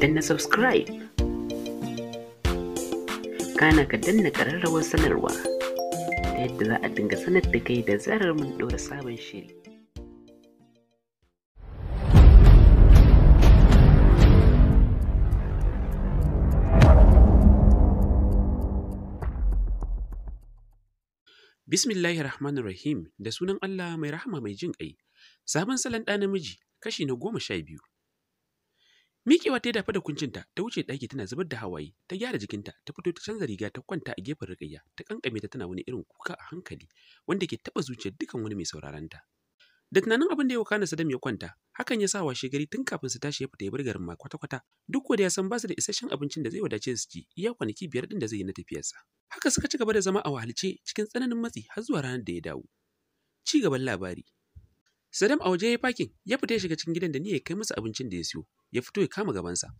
danna subscribe kana ka danna ƙararrawar sanarwa ta yadda za a dinga sanar da kai da zarar mun ɗora sabon shiri Bismillahir Rahmanir Rahim da sunan Allah mai rahama mai jin ƙai. Sabon salon ɗa namiji kashi na goma sha biyu. Mikewa ta dafa da kuncinta ta wuce ɗaki tana zubar da hawaye ta gyara jikinta ta fito ta canza riga ta kwanta a gefen rikayya ta kankame ta tana wani irin kuka a hankali wanda ke taba zuciyar dukan wani mai sauraron ta. Da tunanin abin da ya wakana Saddam ya kwanta hakan ya sa washe gari tun kafin su tashi ya fita ya bar garin ma kwata-kwata duk da ya san ba su da isasshen abincin da zai wadace su ci iya kwanaki biyar din da zai yi na tafiyarsa. Haka suka ci gaba da zama a wahalce cikin tsananin matsi har zuwa ranar da ya dawo. Ci gaban labari. sadam a waje ya fakin ya fita ya shiga cikin gidan da ni ya kai musu abincin da ya siyo ya fito ya kama gabansa.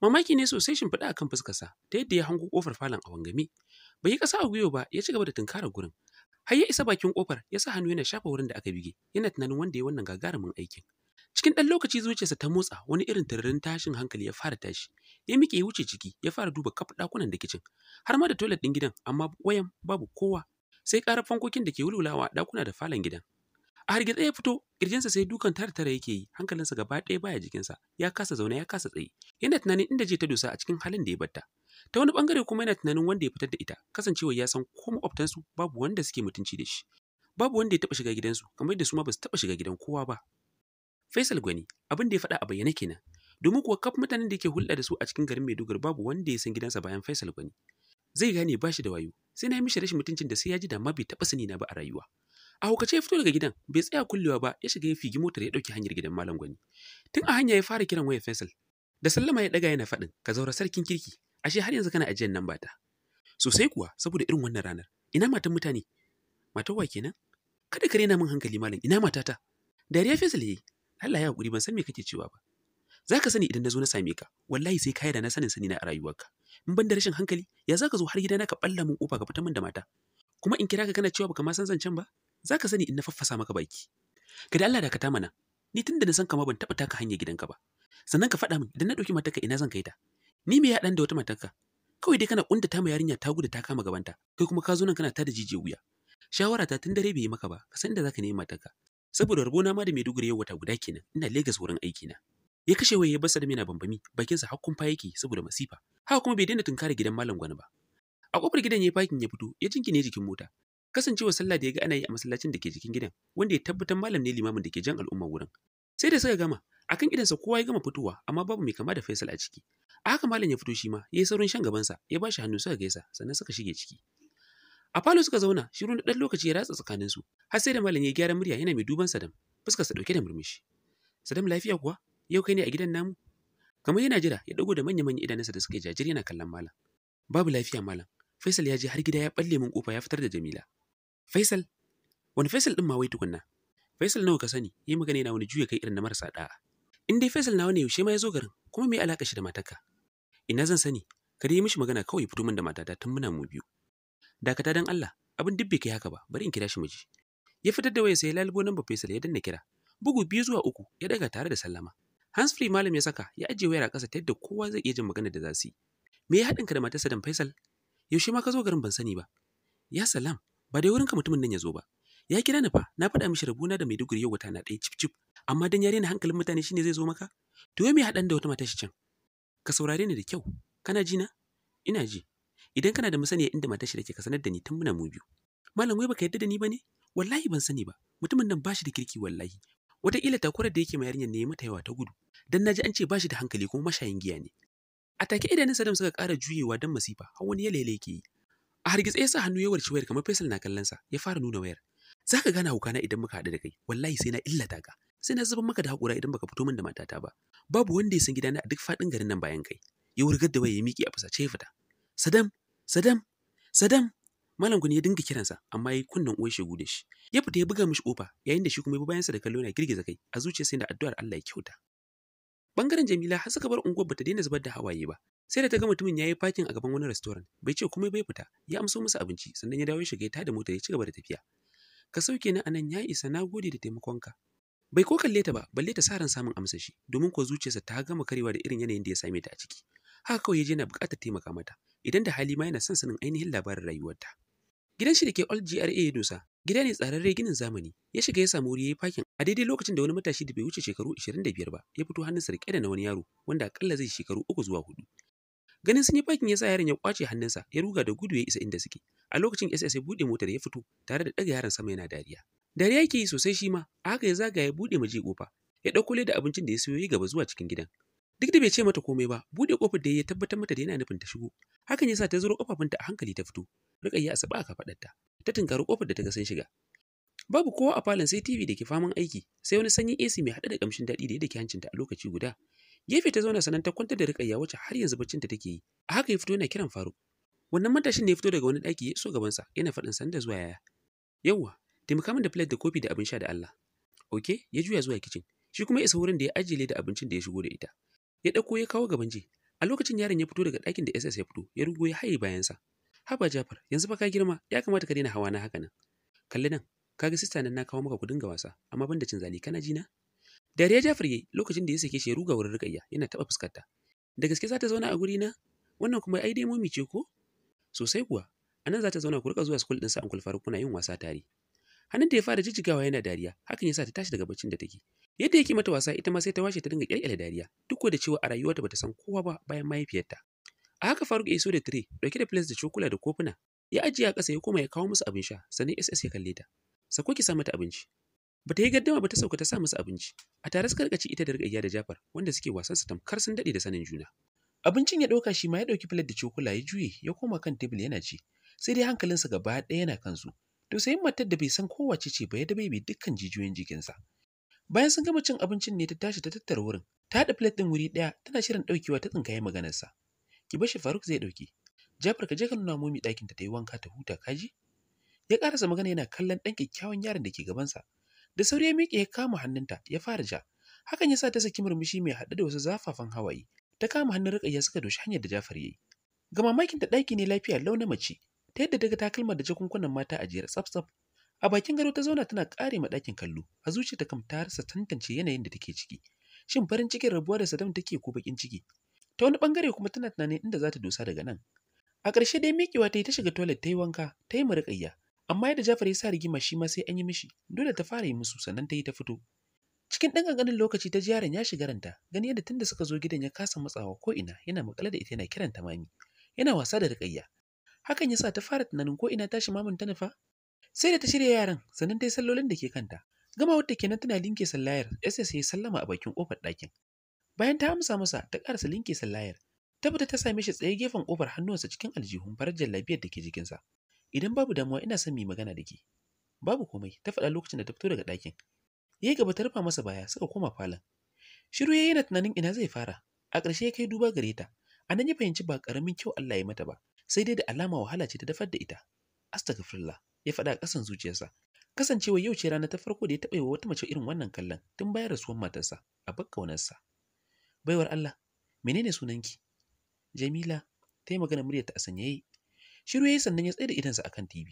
Mamaki ne sosai shimfiɗa a kan fuskarsa ta yadda ya hango ƙofar falon a wangame. Bai yi ƙasa a gwiwa ba ya ci gaba da tunkarar gurin. Har ya isa bakin ƙofar ya sa hannu yana shafa wurin da aka bige yana tunanin wanda ya wannan gagarumin aikin. Cikin ɗan lokaci zuciyarsa ta motsa wani irin tararin tashin hankali ya fara tashi. Ya miƙe ya wuce ciki ya fara duba kaf ɗakunan da kicin har ma da toilet ɗin gidan amma wayan babu kowa sai ƙarar fankokin da ke wulwulawa ɗakuna da falon gidan a hargitsa ya fito kirjinsa sai dukan tara-tara yake yi hankalinsa gaba ɗaya baya jikinsa ya kasa zaune ya kasa tsaye yana tunanin inda je ta dosa a cikin halin da ya batta ta wani bangare kuma yana tunanin wanda ya fitar da ita kasancewa ya san ko makwabtansu babu wanda suke mutunci da shi babu wanda ya taɓa shiga gidansu kamar yadda su ma ba su taɓa shiga gidan kowa ba Faisal Gwani abin da ya faɗa a bayyane kenan domin kuwa kaf mutanen da ke hulɗa da su a cikin garin Maiduguri babu wanda ya san gidansa bayan Faisal Gwani zai gane ba shi da wayo sai na yi mishi rashin mutuncin da sai ya ji da ma bai taɓa sani na ba a rayuwa a hukace ya fito daga gidan bai tsaya kullewa ba ya shiga ya figi motar ya ɗauki hanyar gidan malam gwani tun a hanya ya fara kiran waya faisal da sallama ya daga yana faɗin ka zaura sarkin kirki ashe har yanzu kana ajiyar nan bata sosai kuwa saboda irin wannan ranar ina matan mutane matar wa kenan kada ka rena min hankali malam ina matata dariya faisal yi. Allah ya hakuri ban san me kake cewa ba za ka sani idan na zo na same ka wallahi sai kaya da na sanin sani na a rayuwarka in ban da rashin hankali ya za ka zo har gidana ka balla kofa ka fita min da mata kuma in kira ka kana cewa baka ma san zancen ba za ka sani in na faffasa maka baki ka da Allah da ka ta mana ni tunda na san kama ban taɓa taka hanyar gidanka ba sannan ka faɗa min idan na ɗauki matarka ina zan kai ta ni me ya ɗan da wata matarka kawai dai kana ƙunda ta ma yarinya ta gudu ta kama gabanta kai kuma ka zo nan kana da jijiyar wuya shawara ta tun dare bai yi maka ba ka san da zaka nemi matarka saboda rabona ma da Maiduguri yau wata guda kenan ina Legas wurin aiki na ya kashe waye ya basa da mina bambami bakinsa hakkun fa yake saboda masifa haka kuma bai daina tunkara gidan malam gwani ba a kofar gidan ya fakin ya fito ya jingine jikin mota kasancewar sallah da ya ga ana yi a masallacin da ke jikin gidan wanda ya tabbatar malam ne limamin da ke jan al'umma wurin sai da suka gama akan gidansa kowa ya gama fitowa amma babu mai kama da Faisal a ciki a haka malam ya fito shi ma yi saurin shan gabansa ya ba shi hannu suka gaisa sannan suka shige ciki a falo suka zauna shiru na dan lokaci ya ratsa tsakanin su har sai da malam ya gyara murya yana mai duban Sadam fuskarsa dauke da murmushi Sadam lafiya kuwa yau kai ne a gidan namu kamar yana jira ya dago da manya-manyan idanunsa da suka jajir yana kallon malam babu lafiya malam Faisal ya je har gida ya balle min kofa ya fitar da Jamila Faisal, wani Faisal ɗin ma wai tukunna. Faisal nawa ka sani, yi magana yana wani juya kai irin na marasa ɗa'a. In dai Faisal nawa ne yaushe ma ya zo garin, kuma me alaƙa shi da matarka? Ina zan sani, ka dai yi mishi magana kawai fito min da matata tun muna mu biyu. Dakata dan Allah, abin duk bai kai haka ba, bari in kira shi mu ji. Ya fitar da waya sai ya lalubo namba Faisal ya danna kira. Bugu biyu zuwa uku ya daga tare da sallama. Hans Free malam ya saka ya ajiye wayar a ƙasa ta yadda kowa zai iya jin magana da za yi. Me ya haɗinka da matarsa dan Faisal? Yaushe ma ka zo garin ban sani ba. Ya salam, ba dai wurinka mutumin nan ya zo ba ya kira ni fa na faɗa mishi rabuna da Maiduguri yau wata na ɗaya cif cif amma dan yare na hankalin mutane shine zai zo maka to me haɗan da wata mata shi can ka saurare ni da kyau kana ji na ina ji idan kana da musaniya inda mata shi ke ka sanar da ni tun muna mu biyu malam wai baka yadda da ni ba ne? wallahi ban sani ba mutumin nan bashi da kirki wallahi wataƙila takurar da yake ma yarinyar ne mata yawa ta gudu dan ji an ce bashi da hankali kuma mashayin giya ne a take idanun sadam suka ƙara juyewa don masifa har wani ya lele ke yi A hargitse ya sa hannu ya warci wayar kamar fesil na kallon sa, ya fara nuna wayar. Za ka gana hukana idan muka haɗu da kai, wallahi sai na illata ka. Sai na zuban maka da haƙura idan baka fito min da matata ba. Babu wanda ya san gidana a duk faɗin garin nan bayan kai. Ya wurgar da waya ya miƙe a fusace ya fita. Sadam, Sadam, Sadam. Malam kun ya dinga kiransa amma yayi kunnan uwar shegu da shi. Ya fita ya buga mishi kofa yayin da shi kuma ya bi bayansa da kallo na girgiza kai a zuciyarsa da addu'ar Allah ya kyauta. Bangaren Jamila har suka bar unguwar bata daina zubar da hawaye ba sai da ta ga mutumin ya yi fakin a gaban wani restaurant bai ce komai bai fita ya amso musu abinci sannan ya dawo ya shiga ya tada mota ya ci gaba da tafiya ka sauke na anan ya isa na gode da taimakonka bai ko kalle ta ba balle ta sa samun amsa shi domin ko zuciyarsa ta gama karewa da irin yanayin da ya same ta a ciki haka kawai ya je na buƙatar taimaka mata idan da hali ma yana son sanin ainihin labarin rayuwarta gidan shi da ke old gra ya dosa gida ne tsararre ginin zamani ya shiga ya samu wuri ya yi fakin a daidai lokacin da wani matashi da bai wuce shekaru 25 ba ya fito hannun sarƙe da na wani yaro wanda akalla zai shekaru uku zuwa hudu ganin sun yi fakin ya sa yaron ya kwace hannunsa ya ruga da gudu ya isa inda suke a lokacin ss ya buɗe motar ya fito tare da ɗaga yaron sama yana dariya dariya ke yi sosai shi ma a haka ya zaga ya buɗe maji kofa ya ɗauko da abincin da ya siyo ya gaba zuwa cikin gidan duk da bai ce mata komai ba buɗe kofar da ya tabbatar mata da yana nufin ta shigo hakan ya sa ta zuro kofafinta a hankali ta fito rika a asaba a kafaɗarta ta tunkari kofar da ta ga sun shiga babu kowa a falon sai TV da ke faman aiki sai wani sanyin AC mai haɗe da kamshin daɗi da ya hancinta a lokaci guda gefe ta zauna sannan ta kwantar da rikayya wacce har yanzu baccin ta take yi a haka ya fito yana kiran faru. wannan matashin da ya fito daga wani ɗaki ya iso gabansa yana faɗin sanda zuwa yaya yawwa taimaka min da plate da kofi da abin sha da Allah oke ya juya zuwa kicin shi kuma isa wurin da ya ajiye da abincin da ya shigo da ita ya ɗauko ya kawo gaban ji a lokacin yaron ya fito daga ɗakin da SS ya fito ya rugo ya haye sa haba Jafar yanzu fa ka girma ya kamata ka daina hawa na haka nan kalli nan kaga sista nan na kawo maka kudin ga wasa amma ban cin zali kana ji na Dariya Jafar lokacin da ya sake shi ruga wurin Rukayya yana taɓa fuskarta. Da gaske za ta zauna a guri na? Wannan kuma ai dai momi ce ko? Sosai kuwa. A nan za ta zauna ku rika zuwa school sa Uncle Faruk kuna yin wasa tare. Hannun da ya fara jijjigawa yana dariya, hakan ya sa ta tashi daga baccin da take. Yadda yake mata wasa ita ma sai ta washe ta dinga kyalkyale dariya, duk da cewa a rayuwarta bata san kowa ba bayan mahaifiyarta. A haka Faruk ya iso da tire, dauke da plates da cokula da kofuna, ya ajiye a ƙasa ya koma ya kawo musu abin sha, sannan SS ya kalle ta. Sako ki sa mata abinci. Bata yi gaddama ba ta sauka ta sa masa abinci. A tare suka rika ci ita da rikayya da Jafar wanda suke wasan su tamkar sun dade da sanin juna. Abincin ya dauka shi ma ya dauki filet da cokula ya juye ya koma kan tebul yana ci. Sai dai hankalinsa gaba ɗaya yana kan su To sai matar da bai san kowace ce ba ya dabe bai dukkan jijiyoyin jikinsa. Bayan sun gama cin abincin ne ta tashi ta tattara wurin. Ta haɗa filet ɗin wuri ɗaya tana shirin daukewa ta tsinkaye maganarsa. Ki bashi Faruk zai ɗauki. Jafar ka je ka nuna momi ɗakin ta yi wanka ta huta kaji? Ya karasa magana yana kallon ɗan kyakkyawan yaron da ke gabansa Da sauri ya miƙe ya kama hannunta ya fara ja. Hakan ya sa ta saki murmushi mai haɗe da wasu zafafan hawaye. Ta kama hannun Rukayya suka doshi hanyar da Jafar ya yi. Ga mamakin ta ɗaki ne lafiya lau mace, ta yadda daga takalma da jakunkunan mata a jere tsaf-tsaf. A bakin gado ta zauna tana ƙare ma ɗakin kallo, a zuciyarta kam ta rasa tantance yanayin da take ciki. Shin farin cikin rabuwa da sadam take ko bakin ciki? Ta wani ɓangare kuma tana tunanin inda za ta dosa daga nan. A ƙarshe dai miƙewa ta yi ta shiga toilet ta yi wanka, ta yi murƙayya, Amma yadda Jafar ya sa rigima shi ma sai an yi mishi, dole ta fara yi musu sannan ta yi ta fito. Cikin ɗan ƙanƙanin lokaci ta ji yaron ya shiga ranta, gani yadda tunda suka zo gidan ya kasa matsawa ko ina yana maƙale da ita yana ta mami, yana wasa da riƙayya. Hakan ya sa ta fara tunanin ko ina tashi mamin ta nufa. Sai da ta shirya yaran, sannan ta yi sallolin da ke kanta. Gama wadda kenan tana linke sallayar, sai ya sallama a bakin ƙofar ɗakin. Bayan ta amsa masa, ta ƙarasa linke sallayar. Ta fita ta same shi tsaye gefen ƙofar hannuwansa cikin aljihun farar jallabiyar da ke jikinsa. idan babu damuwa ina son mu magana da ke babu komai ta faɗa lokacin da ta fito daga ɗakin ya gaba ta rufa masa baya suka koma falon shiru ya yi na tunanin ina zai fara a ƙarshe ya kai duba gare ta a nan ya fahimci ba ƙaramin kyau Allah ya mata ba sai dai da alama wahala ce ta dafar da ita astaghfirullah ya faɗa a ƙasan zuciyarsa kasancewa yau ce rana ta farko da ya taɓa yi wa wata mace irin wannan kallon tun bayan rasuwar matarsa a bakkaunarsa baiwar Allah menene sunanki Jamila ta yi magana muryarta a sanyaye Shiru yayi sannan ya tsaye da idansa akan TV.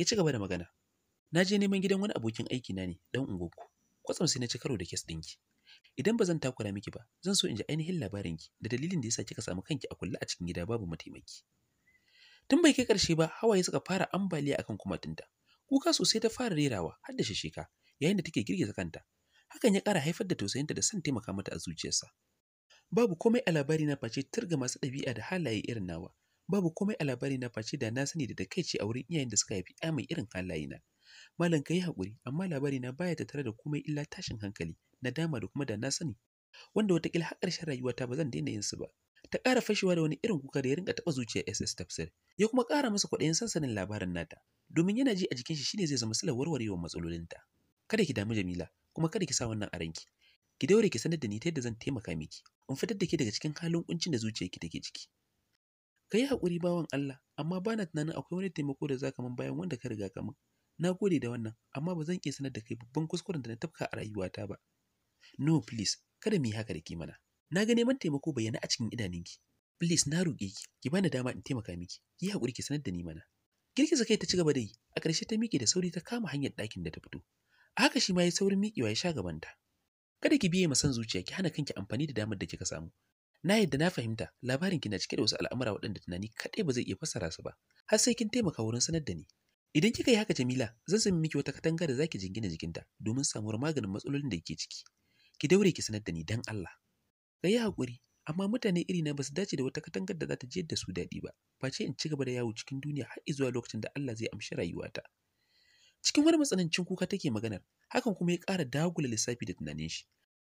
Ya ci gaba da magana. Na je neman gidan wani abokin aiki na ne, dan ungoku. Kwatsam sai na ci karo da kes dinki Idan ba zan takura miki ba, zan so in ji ainihin labarin ki, da dalilin da yasa kika samu kanki a kulle a cikin gida babu mataimaki. Tun bai kai karshe ba, hawaye suka fara ambaliya akan kumatinta. Kuka sosai ta fara rerawa har da shishika yayin da take girgiza kanta. Hakan ya kara haifar da tausayinta da son taimaka mata a zuciyarsa. Babu komai a labari na face turga masu ɗabi'a da halaye irin nawa babu komai a labari na face da na sani da takaici a wurin iyayen da suka haifi ya mai irin na. malam ka yi haƙuri amma labari na baya tattare da komai illa tashin hankali na dama da kuma da na sani wanda wataƙila har ƙarshen rayuwata ba zan daina yin su ba ta ƙara fashewa da wani irin kuka da ya rinka taɓa zuciyar SS Tafsir ya kuma ƙara masa kwaɗayin sansanin labarin nata domin yana ji a jikin shi shine zai zama silar warwarewa matsalolinta kada ki damu Jamila kuma kada ki sa wannan a ranki ki daure ki sanar da ni ta yadda zan taimaka miki in fitar da ke daga cikin halin kuncin da zuciyarki take ciki ka yi haƙuri bawan Allah amma ba na tunanin akwai wani taimako da za ka min bayan wanda ka riga ka min na gode da wannan amma ba zan iya sanar da kai babban kuskuren da na tafka a rayuwata ba no please kada mu yi haka da ke mana na ga neman taimako bayyana a cikin idanunki please na roƙe ki ki bani dama in taimaka miki ki haƙuri ki sanar da ni mana girgiza kai ta ci gaba da yi a ƙarshe ta miƙe da sauri ta kama hanyar ɗakin da ta fito a haka shi ma ya saurin miƙewa ya sha gabanta kada ki biye masan zuciya ki hana kanki amfani da damar da kika samu Na yadda na fahimta labarin ki na cike da wasu al'amura waɗanda tunani kaɗai ba zai iya fassara su ba, har sai kin taimaka wurin sanar da ni. Idan kika yi haka Jamila, zan sami miki wata katanga da zaki jingina jikinta domin samuwar maganin matsalolin da ke ciki. Ki daure ki sanar da ni dan Allah. Ka yi haƙuri, amma mutane iri na ba su dace da wata katangar da za ta jiyar da su daɗi ba, face in ci gaba da yawo cikin duniya har zuwa lokacin da Allah zai amshi rayuwata. Cikin wani matsanancin kuka take maganar, hakan kuma ya ƙara dagula lissafi da tunanin shi,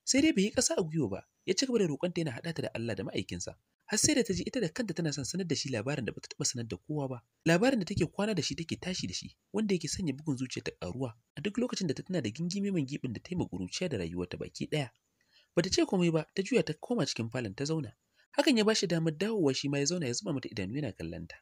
sai dai bai yi ƙasa a gwiwa ba ya ci gaba da roƙonta yana haɗa ta da Allah da ma'aikinsa har sai da ta ji ita da kanta tana son sanar da shi labarin da bata taɓa sanar da kowa ba labarin da take kwana da shi take tashi da shi wanda yake sanya bugun zuciya ta ƙaruwa a duk lokacin da ta tana da gingimi mai gibin da ta yi maguruciya da ta baki ɗaya bata ce komai ba ta juya ta koma cikin falon ta zauna hakan ya ba shi damar dawowa shi ma ya zauna ya zuba mata idanu yana kallonta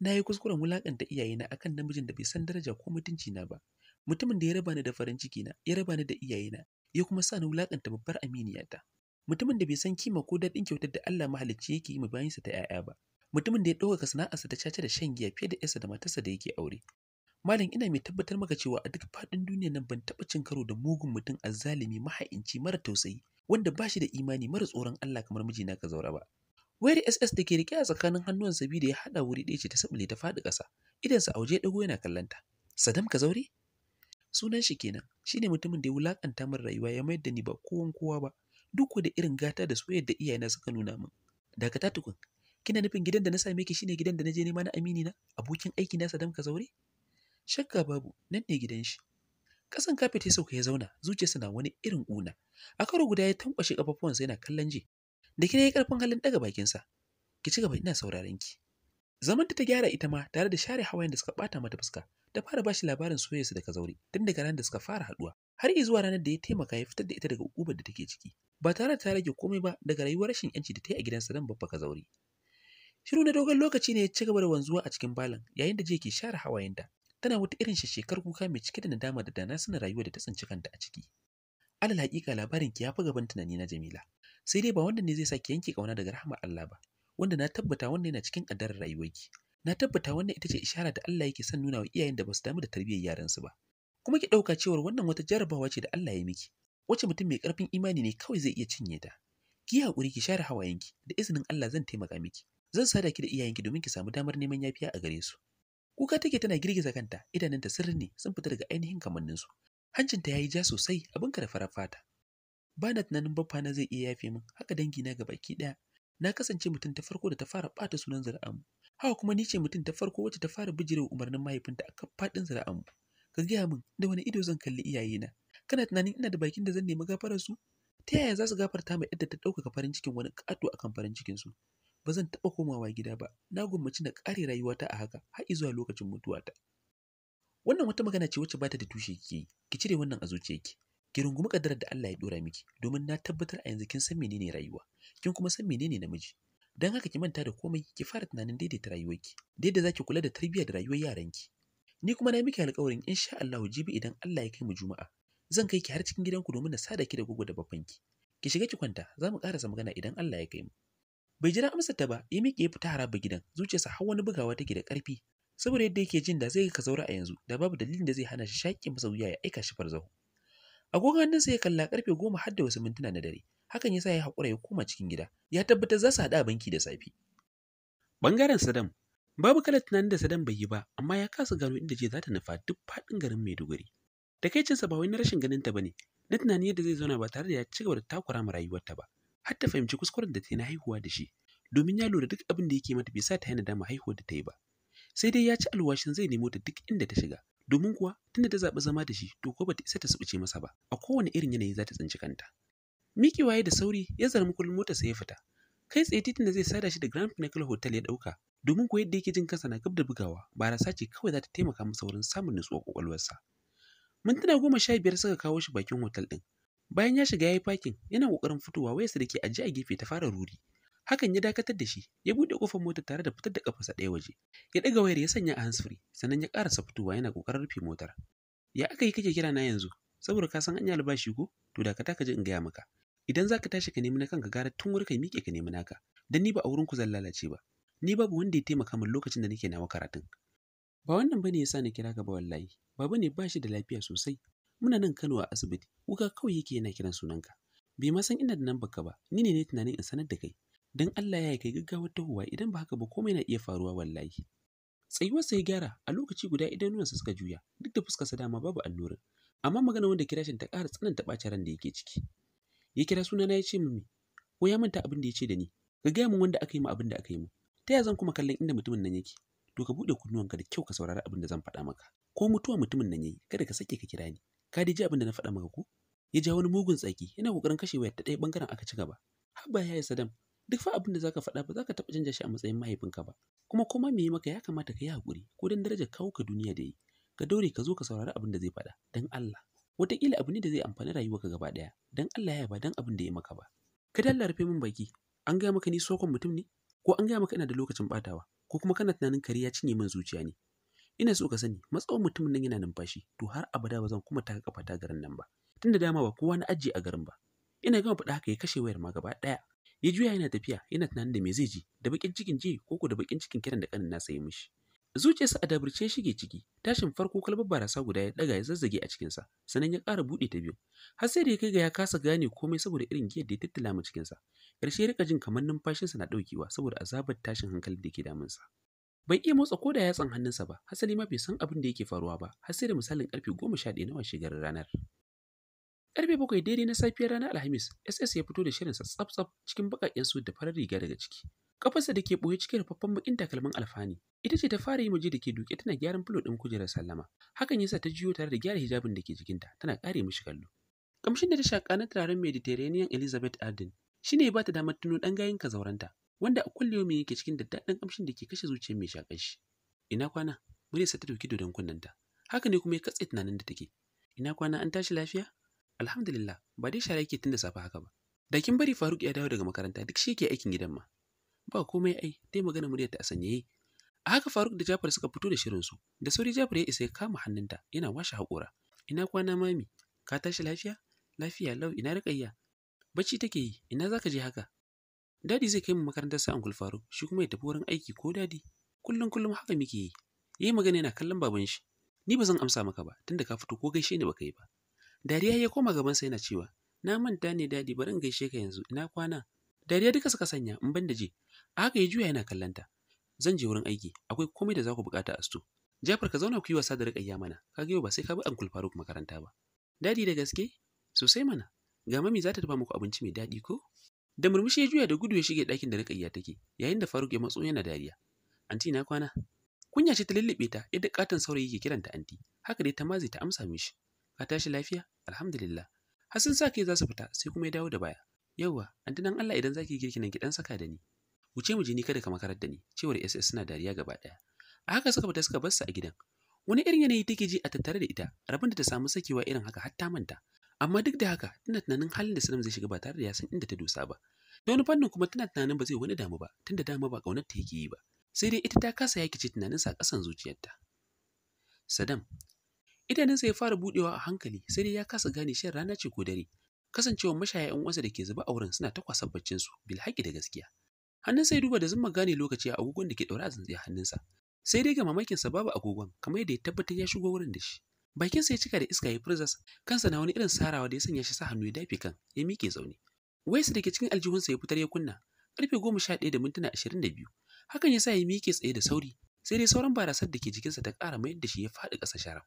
na yi kuskuren wulaƙanta iyayena akan namijin da bai san daraja ko mutunci na ba mutumin da ya raba ni da farin ciki na ya raba ni da iyayena ya kuma sa ni wulakanta babbar aminiyata mutumin da bai san kima ko daɗin kyautar da Allah mahalicci yake yi ma bayansa ta 'ya'ya ba mutumin da ya ɗaukaka sana'arsa ta caca da shan giya fiye da 'yarsa da matarsa da yake aure malam ina mai tabbatar maka cewa a duk faɗin duniyar nan ban taɓa cin karo da mugun mutum azzalimi maha'inci mara tausayi wanda ba shi da imani mara tsoron Allah kamar mijina ka zaura ba wayar SS da ke rike a tsakanin hannuwan sabi da ya haɗa wuri ɗaya ce ta sabule ta faɗi ƙasa idansa a waje ɗago yana kallanta Sadam ka zaure sunan shi kenan shi ne mutumin da ya wulakanta min rayuwa ya mayar da ni ba kowan kowa ba duk da irin gata da soyayyar da iyayena suka nuna min dakata tukun kina nufin gidan da na same ki shine gidan da na je nema na amini na abokin aiki na Sadam zaure? shakka babu nan ne gidan shi kasan kafet ya sauka ya zauna zuciyarsa na wani irin una. a karo guda ya tankwashe sa yana kallon je da kina ya karfin halin daga bakinsa ki ci gaba ina sauraron ki zaman ta gyara ita ma tare da share hawayen da suka bata mata fuska da fara bashi labarin soyayyarsa da Kazauri tun daga ranar da suka fara haduwa har zuwa ranar da ya taimaka ya fitar da ita daga ukubar da take ciki ba tare da ta rage komai ba daga rayuwar rashin yanci da ta yi a gidansa dan babba Kazauri shiru na dogon lokaci ne ya ci gaba da wanzuwa a cikin balan yayin da ke share hawayenta tana wata irin shekar kuka mai cike da nadama da dana suna rayuwa da ta tsinci kanta a ciki alal hakika labarin ki ya fi gaban tunani na Jamila sai dai ba wanda ne zai sake yanke kauna daga rahmar Allah ba wanda na tabbata wannan yana cikin rayuwar rayuwarki na tabbata wannan ita ce ishara da Allah yake son nuna wa iyayen da ba su damu da tarbiyyar yaransu ba kuma ki ɗauka cewar wannan wata jarabawa ce da Allah ya miki wacce mutum mai ƙarfin imani ne kawai zai iya cinye ta ki haƙuri ki share hawayenki da izinin Allah zan taimaka miki zan sada ki da iyayenki domin ki samu damar neman yafiya a gare su kuka take tana girgiza kanta idanunta sirri ne sun fita daga ainihin kamanninsu hancinta yi ja sosai abin da farar fata ba na tunanin baffa na zai iya yafe min haka dangi na gabaki ɗaya na kasance mutum ta farko da ta fara ɓata sunan zuri'an Hawa kuma ni ce mutum ta farko wacce ta fara bijirewa umarnin mahaifinta a kan faɗin zira'anmu. Ka gaya min da wani ido zan kalli iyayena. Kana tunanin ina da bakin da zan nemi gafararsu? Ta yaya za su gafarta ma yadda ta ɗaukaka farin cikin wani ƙato a kan farin cikinsu? Ba zan taɓa komawa gida ba, na gwammaci na ƙare rayuwata a haka har zuwa lokacin mutuwata. Wannan wata magana ce wacce bata da tushe ke yi, ki cire wannan a zuciyarki. Ki rungumi ƙaddarar da Allah ya ɗora miki, domin na tabbatar a yanzu kin san menene rayuwa, kin kuma san menene namiji. don haka ki manta da komai ki fara tunanin daidaita rayuwarki daidai zaki kula da tarbiyya da rayuwar yaranki ni kuma na yi miki alƙawarin insha Allah jibi idan Allah ya kai mu juma'a zan kai ki har cikin gidanku domin na da ki da gugu da babanki ki shiga ki kwanta za mu ƙarasa magana idan Allah ya kai mu bai jira amsar ta ba ya miƙe ya fita haraba gidan zuciyarsa har wani bugawa take da ƙarfi saboda yadda yake jin da zai ka zaura a yanzu da babu dalilin da zai hana shi shaƙi masa wuya ya aika shi farzahu agogon hannunsa ya kalla karfe goma har da wasu mintuna na dare hakan yasa ya haƙura ya koma cikin gida ya tabbatar za su haɗu a banki da safe bangaren sadam babu kalar tunanin da sadam bai yi ba amma ya kasa gano inda je za ta nufa duk faɗin garin maiduguri takaicinsa ba wai na rashin ganin ta bane na tunanin yadda zai zauna ba tare da ya ci gaba da takura ma rayuwarta ba har ta fahimci kuskuren da ta yi na haihuwa da shi domin ya lura duk abin da yake mata bai sa ta yana dama haihuwar da ta yi ba sai dai ya ci alwashin zai nemo ta duk inda ta shiga domin kuwa tunda ta zaɓi zama da shi to ko bata isa ta subuce masa ba a kowane irin yanayi za ta tsinci kanta Miki waye da sauri ya zarmi kullum sai ya fita. Kai tsaye titin da zai sada shi da Grand Pinnacle Hotel ya ɗauka domin ko yadda yake jin kansa na gab da bugawa barasa ce kawai za ta taimaka masa wurin samun nutsuwar kwakwalwarsa. Mintuna goma sha biyar suka kawo shi bakin hotel ɗin. Bayan ya shiga ya yi fakin yana kokarin fitowa wayarsa da ke ajiye a gefe ta fara ruri. Hakan ya dakatar da shi ya buɗe ƙofar motar tare da fitar da ƙafarsa ɗaya waje. Ya ɗaga wayar ya sanya a handsfree sannan ya ƙarasa fitowa yana kokarin rufe motar. Ya aka yi kake kira na yanzu saboda ka san an yi albashi ko to dakata ka je in gaya maka. idan zaka tashi ka nemi na kanka gara tun wuri ka miƙe ka nemi naka dan ni ba a wurin ku zan lalace ba ni babu wanda ya taimaka min lokacin da nake nawa karatun ba wannan bane yasa na kira ka ba wallahi baba ne ba shi da lafiya sosai muna nan Kano a asibiti kuka kawai yake yana kiran sunanka bai ma san ina da nan baka ba ni ne ne tunanin in sanar da kai dan Allah ya kai gaggawar tahowa idan ba haka ba komai na iya faruwa wallahi tsayuwarsa ya gyara a lokaci guda sa suka juya duk da sa dama babu allurin amma magana wanda kirashin ta ƙara tsananta ɓacin ran da yake ciki ya kira sunana ya ce min me ko ya manta abin da ya ce da ni ka gaya min wanda aka yi mu abin da aka yi mu ta yaya zan kuma kallon inda mutumin nan yake to ka buɗe kunnuwanka da kyau ka saurari abin da zan faɗa maka ko mutuwa mutumin nan yayi kada ka sake ka kira ni ka ji abin da na faɗa maka ko ya ja wani mugun tsaki yana kokarin kashe wayar ta ɗaya bangaren aka ci gaba habba yayi sadam duk fa abin da zaka faɗa ba zaka taɓa canja shi a matsayin mahaifinka ba kuma koma me yi maka ya kamata ka yi hakuri ko dan daraja kawo ka duniya da yi ka daure ka zo ka saurari abin da zai faɗa dan Allah wataƙila abu ne da zai amfani rayuwarka gaba ɗaya don Allah ya ba don abin da ya maka ba ka dalla rufe min baki an gaya maka ni sokon mutum ne ko an gaya maka ina da lokacin ɓatawa? ko kuma kana tunanin kare ya cinye min zuciya ne ina so ka sani matsawon mutumin nan yana numfashi to har abada ba zan kuma taka kafa ta garin nan ba tunda dama ba kowa na ajiye a garin ba ina gama faɗa haka ya kashe wayar ma gaba ɗaya ya juya yana tafiya yana tunanin da me zai ji da bakin cikin ji ko da bakin cikin kiran da ƙanin na ya mishi Zuciyarsa a daburce shige ciki, tashin farko kalmar barasa guda ya daga ya zazzage a cikinsa, sannan ya ƙara buɗe ta biyu. Har sai da ya kai ga ya kasa gane komai saboda irin giyar da ya tattala mu cikinsa. Ƙarshe ya rika jin kamar numfashinsa na ɗaukewa saboda azabar tashin hankali da ke damunsa. Bai iya motsa ko koda yatsan hannunsa ba, hasali ma bai san abin da yake faruwa ba, har sai da misalin karfe goma sha ɗaya na ranar. Ƙarfe bakwai daidai na safiyar ranar Alhamis, SS ya fito da shirinsa tsaf-tsaf cikin baƙaƙen su da farar riga daga ciki. Kafarsa da ke ɓoye cikin rufaffen bakin takalmin alfani, ita ce ta fara yi waje da ke duke tana gyaran fulo ɗin kujerar sallama. Hakan yasa ta jiyo tare da gyara hijabin da ke jikinta, tana kare mishi kallo. Kamshin da ta shaƙa na turaren Mediterranean Elizabeth Arden shi ne ba ta damar tuno ɗan gayin kazauranta, wanda a kulle yomi yake cikin daddaɗin kamshin da ke kashe zuciyar mai shaƙar shi. Ina kwana? sa ta doki dodon kunnenta. Haka ne kuma ya katse tunanin da take. Ina kwana an tashi lafiya? Alhamdulillah, ba dai shara yake tun da safe haka ba. Da kin bari Faruk ya dawo daga makaranta duk shi yake aikin gidan ma. ba komai ai dai magana muryarta a sanyaye a haka faruk da jafar suka fito da shirin su da sauri jafar ya isa ya kama hannunta yana washe haƙora ina kwana mami ka tashi lafiya lafiya lau ina riƙayya bacci take yi ina zaka je haka dadi zai kai mu makarantar sa uncle faruk shi kuma ya tafi wurin aiki ko dadi kullum kullum haka muke yi yayi magana yana kallon baban shi ni ba zan amsa maka ba tunda ka fito ko gaishe ni baka yi ba dariya ya koma gaban sa yana cewa na manta ne dadi bari in gaishe ka yanzu ina kwana dariya duka suka sanya in ban je A haka ya juya yana kallanta. Zan je wurin aiki, akwai komai da za ku bukata a sto. Jafar ka zauna ku yi wasa da riƙayya mana, ka ga ba sai ka bi Uncle Faruk makaranta ba. Dadi da gaske? Sosai mana. Ga mami za ta dafa muku abinci mai dadi, ko? Da murmushi ya juya da gudu ya shige ɗakin da riƙayya take, yayin da Faruk ya matso yana dariya. Anti na kwana. Kunya ce ta lullube ta yadda katon saurayi yake kiranta anti. Haka dai ta mazi ta amsa mishi. Ka tashi lafiya? Alhamdulillah. Hassan sa kai za su fita sai kuma ya dawo da baya. Yawwa, anti Allah idan zaki girki nan ki dan saka da ni. wuce mu je ni kada ka makarar da ni cewar ss suna dariya gaba ɗaya a haka suka fita suka bar su a gidan wani irin yanayi take ji a tattare da ita rabin da ta samu sakewa irin haka har ta manta amma duk da haka tana tunanin halin da Salim zai shiga ba tare da ya san inda ta dosa ba Da wani fannin kuma tana tunanin ba zai wani damu ba tunda dama ba kaunar ta yake yi ba sai dai ita ta kasa yaki ce tunaninsa a ƙasan zuciyarta Sadam idanunsa ya fara budewa a hankali sai dai ya kasa gane shan rana ce ko dare kasancewar mashaya yan uwansa da ke zuba a wurin suna ta baccin su bil haƙi da gaskiya hannunsa ya duba da zama gane lokaci a agogon da ke ɗaure a tsintsiyar hannunsa sai dai ga mamakinsa babu agogon kamar yadda ya tabbatar ya shigo wurin da shi bakinsa ya cika da iska ya furzas kansa na wani irin sarawa da ya sanya shi sa hannu ya dafe kan ya miƙe zaune wayarsa da ke cikin aljihunsa ya fitar ya kunna karfe goma sha ɗaya da mintuna ashirin da biyu hakan ya sa ya miƙe tsaye da sauri sai dai sauran barasar da ke jikinsa ta ƙara mayar da shi ya faɗi ƙasa sharaf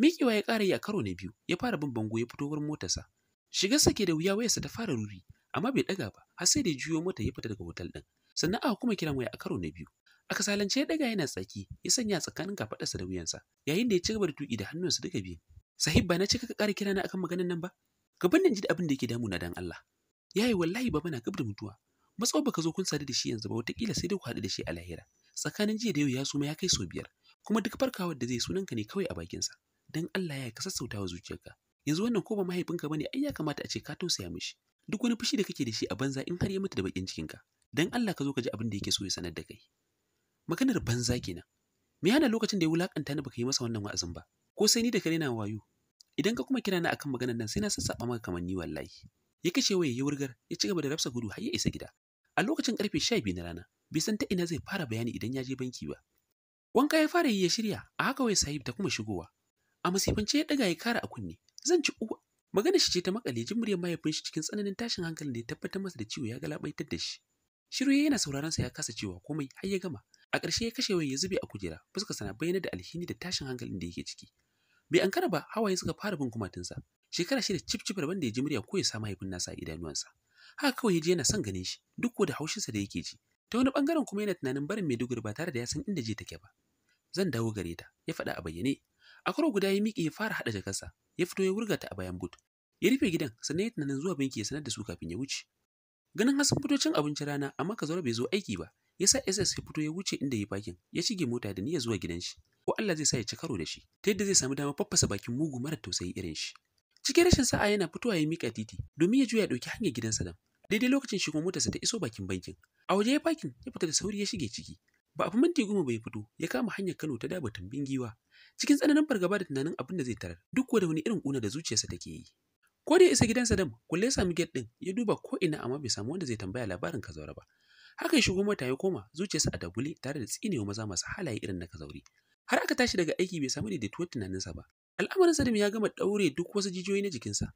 miƙewa ya ƙara yi a karo na biyu ya fara bin bango ya fito wurin motarsa shigarsa ke da wuya wayarsa ta fara ruri amma bai daga ba har sai da juyo mata ya fita daga hotel ɗin sannan aka kuma kiran waya a karo na biyu a kasalance ya yana tsaki ya sanya tsakanin kafaɗarsa da wuyansa yayin da ya ci gaba da tuƙi da hannunsa duka biyu sahib ba na cika ka ƙara kira na akan maganan nan ba gaban nan ji da abin da yake damu na dan Allah yayi wallahi baba na gab da mutuwa matsawar baka zo kun sadu da shi yanzu ba wataƙila sai da ku haɗu da shi a lahira tsakanin jiya da yau ya suma ya kai sau biyar kuma duk farkawar da zai sunanka ne kawai a bakinsa dan Allah ya ka sassauta wa zuciyarka yanzu wannan ko ba mahaifinka bane ai ya kamata a ce ka tausaya mishi duk wani fushi da kake da shi a banza in har ya mutu da bakin cikinka dan Allah ka zo ka ji abin da yake so ya sanar da kai maganar banza kenan me yana lokacin da ya wulakanta ni baka yi masa wannan wa'azin ba ko sai ni da kare na wayo idan ka kuma kira ni akan maganar nan sai na sassaba maka kamar ni wallahi ya kashe waye ya wurgar ya ci gaba da rafsa gudu har ya isa gida a lokacin karfe 12 na rana bai san ta ina zai fara bayani idan ya je banki ba wanka ya fara yi ya shirya a haka wai sahib ta kuma shigowa a masifance ya daga ya kara a kunne zan ci uwa Maganar shi ce ta makale jin muryar mahaifin shi cikin tsananin tashin hankalin da ya tabbatar masa da ciwo ya galabaitar da shi. Shiru yana sauraron sa ya kasa cewa komai har ya gama. A ƙarshe ya kashe wani ya zube a kujera, fuska sana bayyana da alhini da tashin hankalin da yake ciki. Bai ankara ba, hawaye suka fara bin sa. Shekara shida cif cif ban da ya ji murya ko ya sa mahaifin nasa a sa. Haka kawai ya ji yana son ganin shi, duk ko da haushinsa da yake ji. Ta wani bangaren kuma yana tunanin barin Maiduguri ba tare da ya san inda je take ba. Zan dawo gare ta, ya faɗa a bayyane A karo guda ya miƙe ya fara haɗa jakarsa, ya fito ya wurga ta a bayan but. Ya rufe gidan, sannan ya tunanin zuwa banki ya sanar da su kafin ya wuce. Ganin hasan fito cin abinci rana, amma zaura bai zo aiki ba. Ya sa SS ya fito ya wuce inda ya fakin, ya shige mota da niyya zuwa gidan shi. Ko Allah zai sa ya ci karo da shi, ta yadda zai samu dama faffasa bakin mugu mara tausayi irin shi. Cikin rashin sa'a yana fitowa ya miƙa titi, domin ya juya ya ɗauki hanyar gidansa nan. Daidai lokacin shi kuma motarsa ta iso bakin bankin. A waje ya fakin, ya fita da sauri ya shige ciki. Ba a fi minti goma bai fito, ya kama hanyar Kano ta daba tambin giwa. cikin tsananin fargaba da tunanin abin da zai tarar duk da wani irin ƙuna da zuciyarsa take yi ko da ya isa gidansa dam kulle sami gate din ya duba ko ina amma bai samu wanda zai tambaya labarin kazaura ba haka ya shigo mota ya koma zuciyarsa a dagule tare da tsinewa maza masu halaye irin na kazauri har aka tashi daga aiki bai samu daidaituwar tunaninsa ba al'amarin sadam ya gama ɗaure duk wasu jijiyoyi na jikinsa